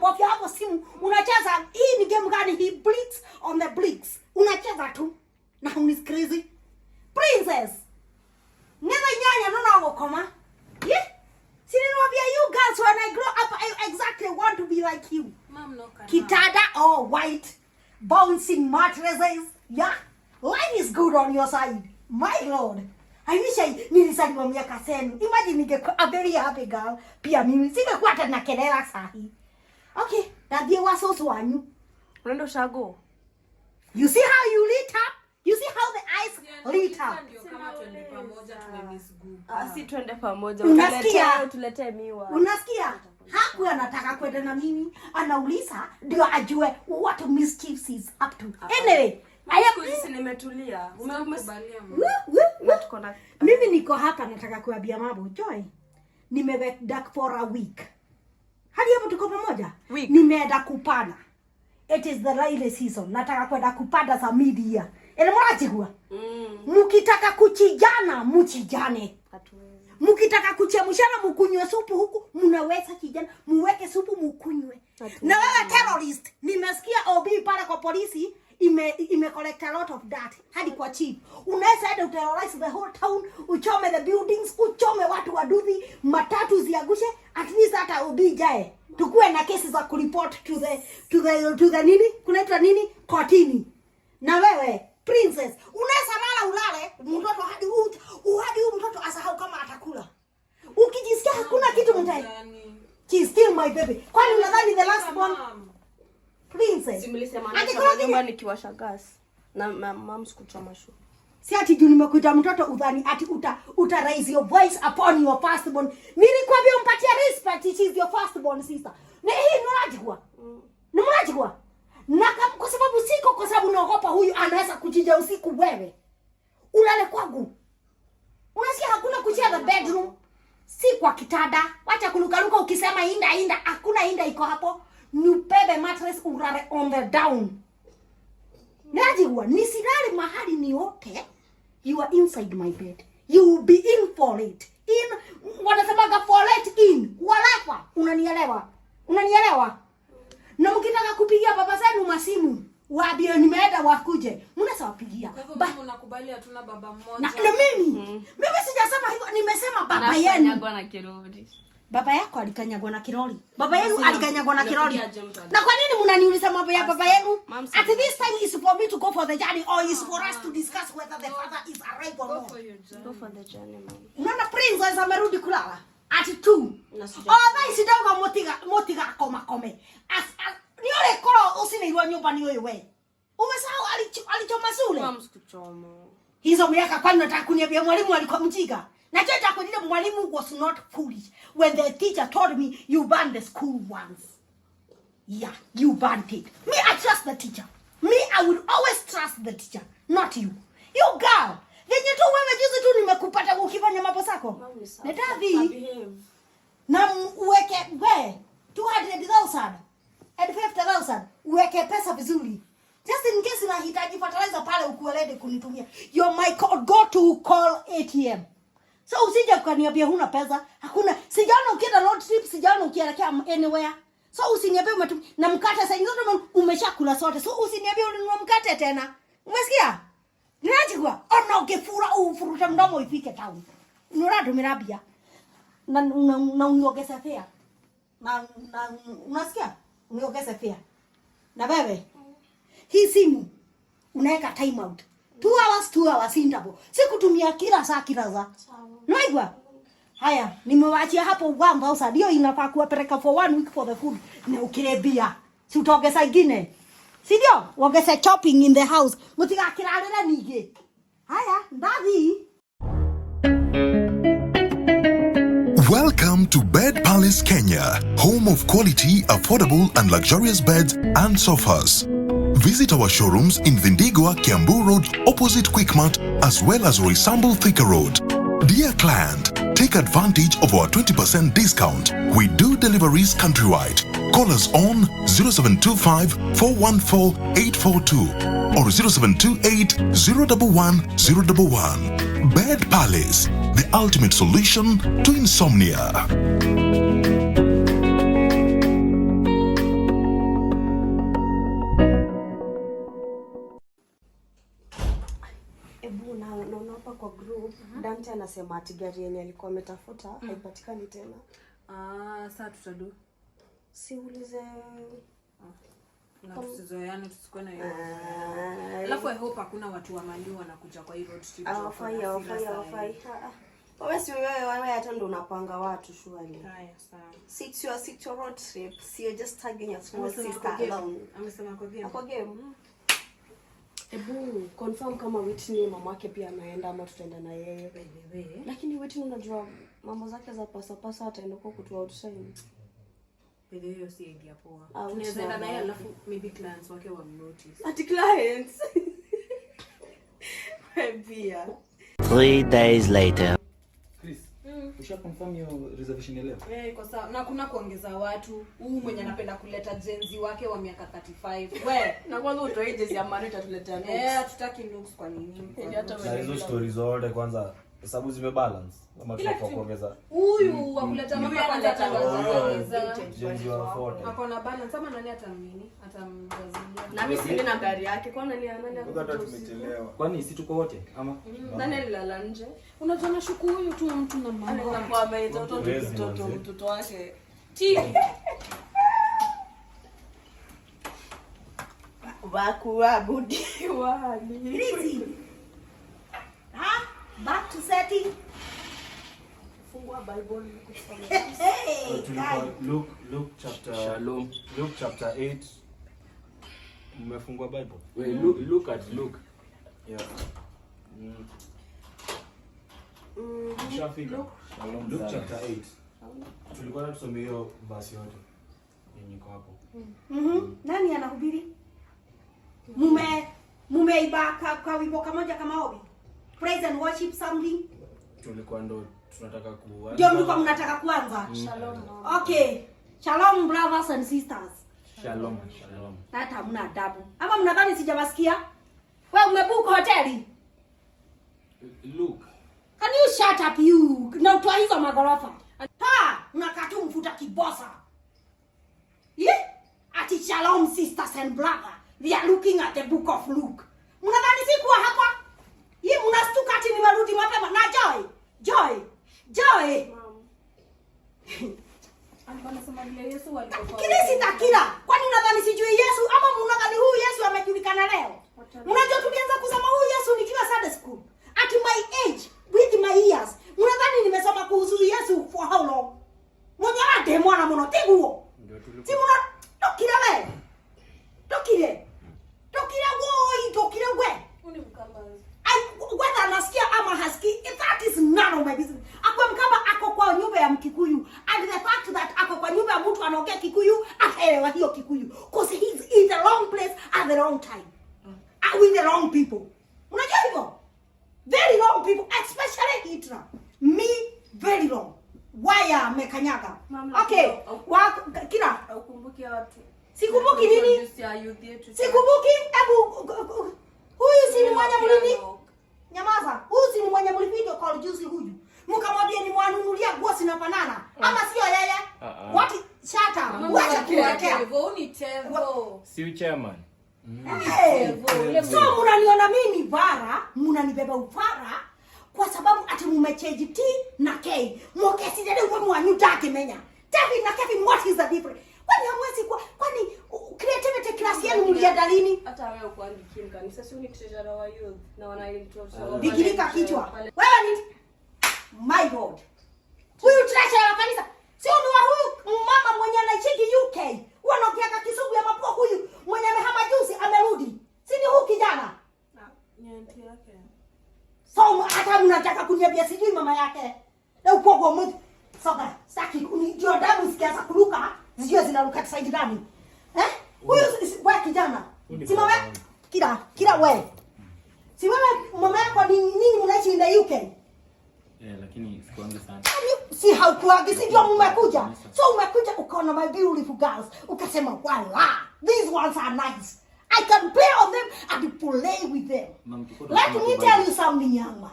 unabofya hapo simu, unacheza hii ni game gani? hii blinks on the blinks, unacheza tu na huni crazy princess never nyanya nuna na ukoma yeah sini niwaambia you girls when I grow up I exactly want to be like you mom no kana kitada or white bouncing mattresses yeah life is good on your side my lord I wish I nilizaliwa miaka senu. Imagine ningekuwa a very happy girl. Pia mimi singekuwa tena kelele sahi. Okay, dadie wasoso wanyu. Unaenda ushago. You see how you lit up? You see how the eyes lit up. Ah, si tuende pamoja. Unasikia? Tuletee miwa. Unasikia? Haku anataka kwenda na mimi, anauliza ndio ajue what mischiefs is up to. Anyway, nimetulia. Mimi niko hapa nataka kuambia mambo Joy. Nimewe duck for a week. Hadi hapo tuko pamoja. Nimeenda kupana. It is the rainy season. Nataka kwenda kupanda za media. Ele mwana chigua. Mm. Mukitaka kuchijana, muchijane. Mukitaka kuchemshana mukunywe supu huku, mnaweza kijana, muweke supu mukunywe. Na wewe terrorist, nimesikia OB pale kwa polisi ime ime collect a lot of dirt hadi kwa chief. Unaweza hadi uterrorize the whole town, uchome the buildings, uchome watu waduthi, matatu ziagushe, at least hata ubi ubijae. Tukue na kesi za kuripot to the to the to the nini? Kunaitwa nini? Kotini. Na wewe princess, unaweza lala ulale mtoto hadi huu hadi huu mtoto asahau kama atakula. Ukijisikia hakuna kitu mtai. She's still my baby. Kwani unadhani the last one Princess. Simlisema nikiwasha gas. Na mama sikuchoma shule. Si ati juu nimekuita mtoto udhani ati uta, uta raise your voice upon your firstborn. Nilikwambia umpatie respect, she is your firstborn sister. ni hii mnajua. Mm. Ni mnajua. Na kwa sababu siko kwa sababu naogopa huyu anaweza kuchinja usiku wewe. Ulale kwangu. Unasikia hakuna kuchia the bedroom. Si kwa kitanda. Wacha kulukaluka ukisema inda inda, hakuna inda iko hapo nibebe mattress urare on the down. Najigua nisilale mahali oke. you are inside my bed, you will be in for it in, wanasemaga for it in walafa. Unanielewa? Unanielewa? na mkitaka kupigia baba zenu masimu waambie nimeenda wakuje, Kwa mnasawapigia. Mnakubali hatuna baba mmoja na mimi mm. Mimi sijasema hivyo, nimesema baba yenu. na Baba yako alikanyagwa na kiroli. Baba yenu alikanyagwa na kiroli. Na kwa nini mnaniuliza mambo ya baba yenu? At this time is for me to go for the journey or is for us to discuss whether the father is alive or not. Go for the journey, mama Unaona prince princess amerudi kulala at 2. oh Otha is dogo motiga motiga koma kome. As, ni ole kolo usini ruwa nyumba ni wewe. Umesahau alichoma sule mama sikuchoma. Hizo miaka kwani nataka kuniambia mwalimu alikuwa mjiga nachetakwirire mwalimu was not foolish when the teacher told me you burned the school once yeah you burned it me i trust the teacher me i will always trust the teacher not you you girl venye tu wewe juzi tu nimekupata ukifanya mambo zako netavi na uweke we 200000 and 50000 uweke pesa vizuri just in case nahitaji fertilizer pale ukuelede kunitumia you're my go to call atm So usije ukaniambia huna pesa. Hakuna. Sijaona ukienda road trip, sijaona ukielekea anywhere. So usiniambie umetu na mkate sasa hizo umeshakula sote. So usiniambie ulinunua mkate tena. Umesikia? Ninaje kwa? Ona oh, ukifura ufuruta mdomo ifike town. Unarado mirabia. Na na, na uniongeza fare. Na, na unasikia? Uniongeza fare. Na wewe? Hii simu unaweka time out two hours two hours interval, sikutumia kila saa kila saa. Naigwa haya, nimewachia hapo 1000 hiyo inafaa kuwapeleka for one week for the food na ukirebia, si utongeza ingine, si ndio? Ongeza chopping in the house, mutigakirarira nige. Haya, ndathi Welcome to Bed Palace Kenya, home of quality, affordable and luxurious beds and sofas. Visit our showrooms in Vindigua, Kiambu Road, opposite Quickmart, as well as Resamble Thika Road. Dear client, take advantage of our 20% discount. We do deliveries countrywide. Call us on 0725 414 842 or 0728 011 011. Bed Palace, the ultimate solution to insomnia. Agent anasema ati gari yenye alikuwa ametafuta mm. haipatikani tena. Ah, saa tutadu. Siulize. Ah, eh. watu Wewe si wewe wewe hata ndo unapanga watu Haya sit your road trip. See you just tagging your small sister alone. Amesema kwa game. Kwa game. Hebu confirm kama Whitney mama yake pia anaenda ama tutaenda na yeye. Lakini Whitney unajua mambo zake za pasa pasa ataenda kwa kutoa outside. Bebe hiyo si idea poa. Ah, Tunaweza enda yeye alafu maybe clients wake wa notice. Ati clients. Pia. 3 days later usha confirm hiyo reservation leo? Eh, iko sawa. Na kuna kuongeza watu. Huu mwenye anapenda kuleta jenzi wake wa miaka 35. We, na kwanza utoe jenzi ya Marita tuletea notes. Eh, hatutaki looks kwa nini? Ndio yaani hata wewe. Hizo stories zote kwanza hesabu zimebalance kama tunakuwa kuongeza huyu wa kuleta mama kwanza ataongeza jenzi wa forte hapo na balance ama nani atamini atamjazilia na mimi sina nambari yake kwa nani anani nani hata tumechelewa kwani si tuko wote ama mm. nani alilala nje unajua na shuku huyu tu mtu na mama anaweza kuwa ameita mtoto mtoto mtoto wake tiki wakuabudiwa ni Back to setting. Fungua Bible. Hey, Luke, Luke chapter Shalom. Luke chapter 8. Mmefungua Bible. Wait, look, look at Luke. Yeah. Mm. Mm-hmm. Tushafika. Shalom. Luke chapter 8. tusome hiyo basi yote. Yenye iko hapo. Mm-hmm. Mm. Nani anahubiri? Mume mume ibaka kwa wimbo kamoja kama obi praise and worship something? Tulikuwa ndo tunataka kuanza. Ndio mlikuwa mnataka kuanza. Mm. Shalom. Okay. Shalom brothers and sisters. Shalom. Shalom. Hata hamna adabu. Ama mnadhani sijawasikia? Wewe umebook hoteli? Look. Can you shut up you? Na utoa hizo magorofa. Ha, unakatu mfuta kibosa. Ye? Yeah? Ati shalom sisters and brother. We are looking at the book of Luke. nimerudi mapema na Joy. Joy. Joy. Kile sitakila. Kwani unadhani sijui Yesu ama unadhani huyu Yesu amejulikana leo? Unajua tulianza kusema huyu Yesu nikiwa Sunday school. At my age with my years. Unadhani nimesoma kuhusu Yesu for how long? Mwenye ade mwana muno tiguo. Si mwana tokira we. Tokire. Tokira woi, tokira we. Unikamba. whether nasikia ama hasikii, that is none of my business. so munaniona mimi bara, munanibeba upara kwa sababu ati mumecheji T na K mokesijede umemwanyu takimenya David na Kevin, what is the difference? Kwani hamwezi kwa kwani creativity class yenu mlienda dalini? Hata wewe uko ukuandiki kanisa sio ni treasurer wa youth na wana ah. wanaitwa digirika kichwa. Wewe ni my god. Huyu treasurer wa kanisa Sio ni wa huyu mama mwenye anaichiki UK. ya mapua huyu mwenye amehama juzi amerudi. Si ni huyu kijana? hata kuniambia sijui mama yake. Na saki damu kuruka, zinaruka gani. Eh? Huyu wewe kijana. kila kila wewe. mama yako ni nini mnaishi in the UK? Yeah, yaani, Si haukuangi, si ndio umekuja. So umekuja ukaona my beautiful girls, ukasema wala, these ones are nice. I can play on them and play with them. Let me tell you something young man.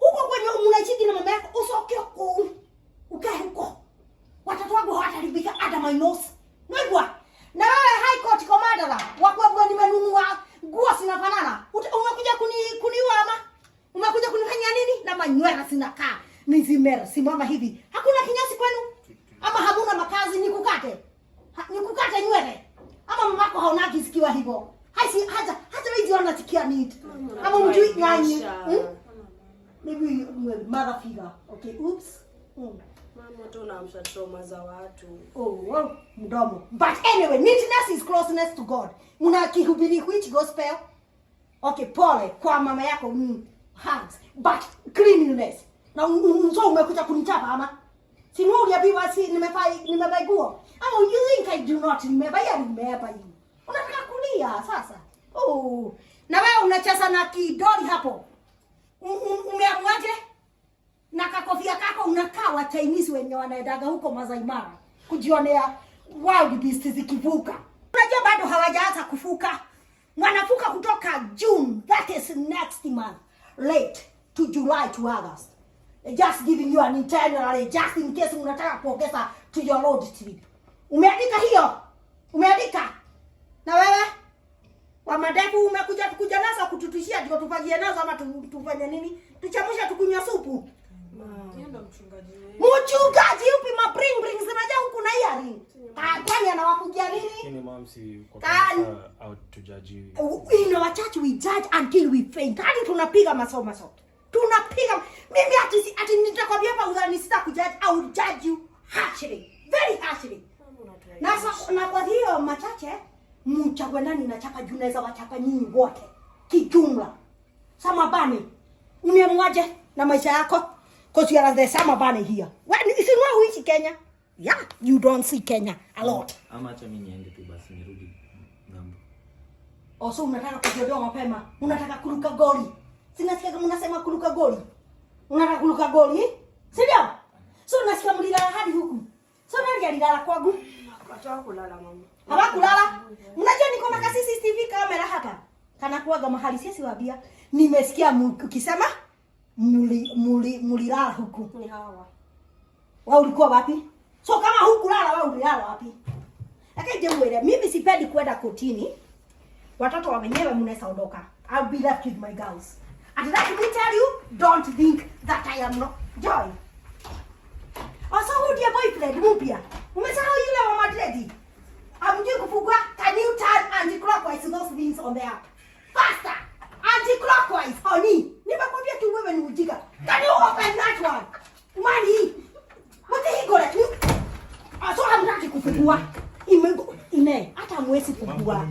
Huko kwenye unaishi na mama yako, usoke huko. Ukae huko. Watoto wako hawataribika under my nose. kama hivi hakuna kinyasi kwenu ama hamuna makazi, nikukate ha, nikukate nywele ama mamako haonaki sikiwa hivyo haisi haja hata wewe jiona tikia need ama mjui nyanyi. hmm? maybe you mother figure okay oops hmm. Mama tu naamsha trauma za watu. Oh, well, mdomo. But anyway, neatness is closeness to God. Mna kihubiri which gospel? Okay, pole kwa mama yako mm, hugs. But cleanliness na unzo umekuja kunichapa ama? Si wewe uliambiwa si nimefai nimevaa nguo. Ama you think I do not remember? Ya remember you. Unataka kulia sasa. Oh. Na wewe unacheza na kidoli hapo. Umeamwaje? Na kakofia kako unakaa wa Chinese wenye wanaendaga huko Masai Mara kujionea wild beast zikivuka. Unajua bado hawajaanza kufuka. Wanafuka kutoka June, that is next month, late to July to August. Eh, just giving you an itinerary just in case unataka kuongeza to your road trip. Umeandika hiyo? Umeandika? Na wewe? Wa madevu umekuja kuja nazo kututishia ndio tufagie nazo ama tufanye nini? Tuchamusha tukunywa supu. Ndio mchungaji. upi ma bring bring zinaja huku na hiyari? Ah, kwani anawafungia nini? Kini mom si kwa out to judge you. In our church we judge until we faint. Hadi tunapiga masomo masomo. Tunapiga mimi ati si, ati nitakwambia hapa udhani sita kujaji au judge you harshly. Very harshly. Na so, na kwa hiyo machache mchague nani nachapa juu naweza wachapa nyinyi wote. Kijumla. Sama bani. Unemwaje na maisha yako? Cause you are the sama bani here. When is it know which Kenya? Yeah, you don't see Kenya a lot. Ama acha mimi niende tu basi nirudi ngambo. Also oh, unataka kujiondoa mapema. Unataka kuruka goli. Sinasikia kama unasema kuluka goli. Unataka kuluka goli? Eh? Si ndio? So nasikia mlilala hadi huku. So nani alilala kwangu? kulala mama. kulala. Mnajua niko na kasi CCTV kamera hapa. Kana kuaga mahali sisi wabia. Nimesikia ukisema muli muli mulilala huku. Ni hawa. Wao ulikuwa wapi? So kama hukulala wao ulilala wapi? Lakini je, mwele mimi sipendi kwenda kotini. Watoto wa wenyewe mnaweza ondoka. I'll be left with my girls. And let me tell you, don't think that I am not Joy. Also, who your boyfriend, mpya. Umesahau yule wa Madrid. Amjui kufugwa, can you turn anti-clockwise those things on the app? Faster! Anti-clockwise, honey. Nimekuambia tu wewe ni ujinga. Can you open that one? Mali. Mti hiko le. Also, hamtaki kufugwa. Imego. Ine, hata mwezi kufugwa.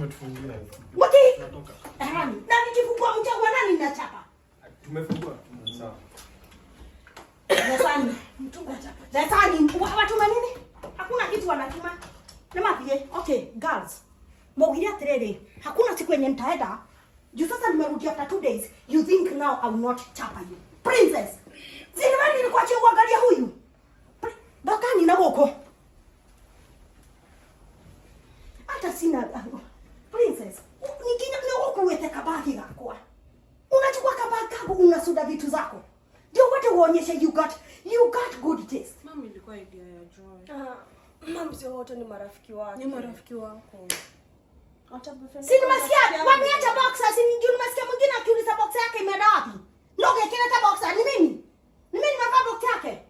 I will not chapa you. Princess. Zilivani nilikuwa chini kuangalia huyu. Bakani na woko. Hata sina ah, oh, Princess. Nikina na woko wete kabaki gakwa. Unachukua kabaki yako unasuda vitu zako. Ndio wote uonyeshe you got you got good taste. Mama ilikuwa idea ya Joy. Ah, mama sio wote ni marafiki wako. Ni marafiki wako. Si nimesikia kwani boxer si ndio nimesikia mwingine akiuliza boxer yake imeenda wapi? Ndoge kileta boxer ni mimi. Ni mimi nimevaa boxer yake.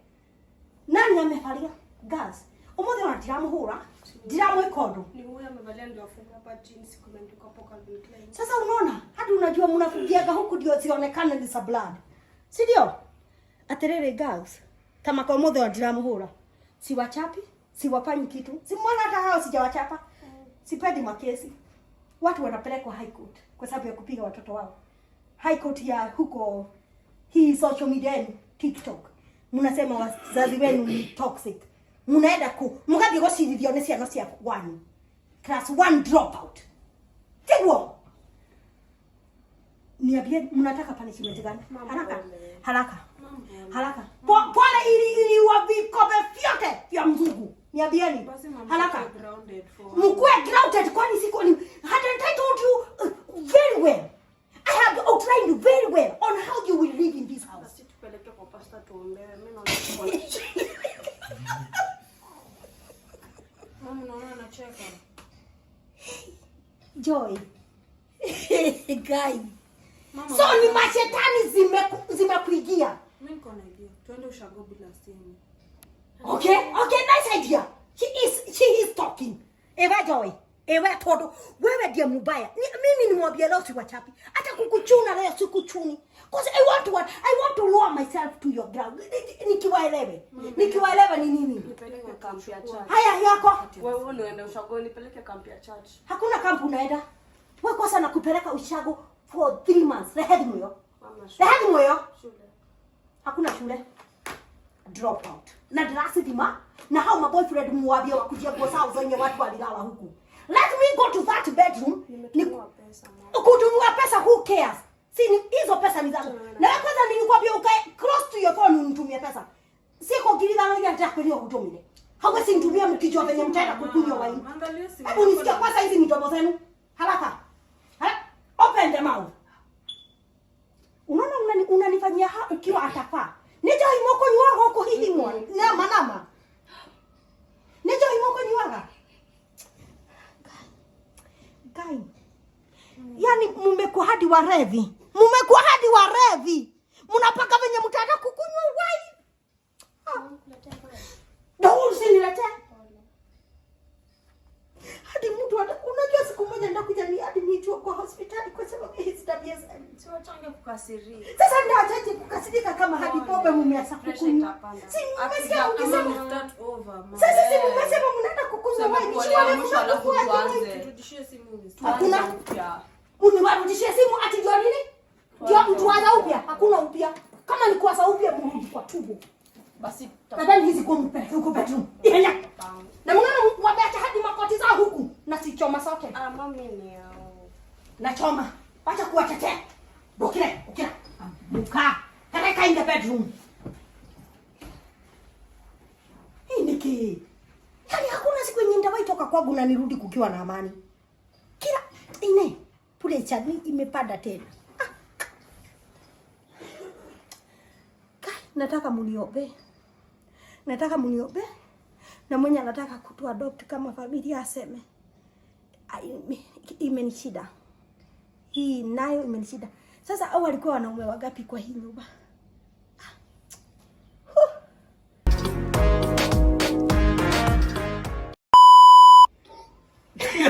Nani amefalia? Gas. Umoja wa diramu hura. Diramu ikodo. Ni huyo amevalia ndio afunga hapa jeans kuna ndio kwa Klein. Sasa unaona? Hadi unajua mnafugiaga huku ndio sionekane ni za blood. Si ndio? Aterere girls. Kama kwa umoja wa diramu hura. Si wachapi, si wafanyi kitu. Si mwana hata hao sijawachapa. Mm. Sipendi makesi watu wanapelekwa high court kwa sababu ya kupiga watoto wao. High court ya huko hii social media yenu TikTok, mnasema wazazi wenu ni toxic, mnaenda ku mkathi gocirithio nä ciana cia one class 1 one dropout. Tiguo niambie, mnataka punishment gani? Haraka haraka haraka, pole ili ili wa vikobe vyote vya mzungu Niambieni haraka mkuwe grounded, kwani siko ni had I told you uh, very well I have outlined you very well on how you will live in this house. Joy. Guy. Mama, so ni mashetani zimekuigia Mimi niko na idea. Tuende ushago bila simu. Okay? Ewe Joy, ewe Todo, wewe ndiye mubaya. Ni, mimi nimwambia leo si wachapi. Hata kukuchuna leo si kuchuni. Cause I want to what? I want to lower myself to your ground. Nikiwaelewe. Nikiwaelewa ni nini? Nipeleke kampi ya church. Haya yako. Wewe unaenda ushago nipeleke kampi ya church. Hakuna kambi unaenda. Wewe kwanza nakupeleka ushago for 3 months. Rehemu yo. Rehemu Shule. Hakuna shule drop out na ndiracithima na hau maboyfriend muwabia wakujia nguo sao zenye watu walilala huku let me go to that bedroom kutumia pesa who cares si hizo pesa ni zangu na wewe kwanza nilikwambia ukae close to your phone unitumie pesa si kwa kiliza ngoja nitakwambia utumie hawezi nitumia mkijua venye mtaenda kukunywa waini hebu nisikia kwanza hizi mitobo zenu haraka eh? open the mouth unaona unanifanyia una, ukiwa atafaa nijoimo kunyuaga ukuhihinywa mm-hmm. nama nama nijoimo nyuaga ngai yani mumekuwa hadi warevi mumekuwa hadi warevi mnapaka venye mtata kukunywa uwai ah. dou usinilete hadi mtu unajua siku moja ndakuja ni hadi nichua kwa hospitali kwa sababu hizi tabia zangu. Sio changa sasa ndio ndachaje mnakasirika kama hadi pombe mmeasakukunywa. Si mmesikia ukisema sasa, si mmesema mnaenda kukunywa wewe ni shule mnaenda kukunywa. Hakuna. Uniwarudishie simu ati ndio nini? Ndio mtuanza upya. Hakuna upya. Kama ni kuasa upya mrudi kwa tubo. Basi nadhani hizi kwa mpe huko bedroom. ihenya Na mwana mwabeacha hadi makoti zao huku na sichoma sote. Ah, mami ni yao. Na choma. Acha kuwatetea. nirudi kukiwa na amani. Kila ine pule chani imepanda tena. Ah, Kai, nataka muniobe. Nataka muniobe. Na mwenye anataka kutu adopt kama familia aseme ah, imenishida. Hii nayo imenishida. Sasa au walikuwa wanaume wangapi kwa hii nyumba?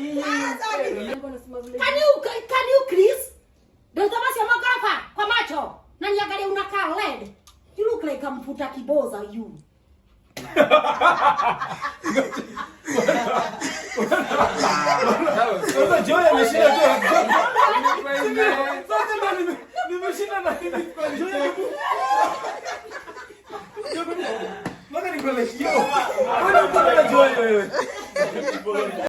Can you can you Chris? Ndio magofa kwa macho. Na niangalie unakaa red. You look like a mfuta kiboza you. Sasa Joy ameshinda tu. Sasa ndio nimeshinda na hivi kwa Joy. Mbona nikuelekea? Mbona uko na Joy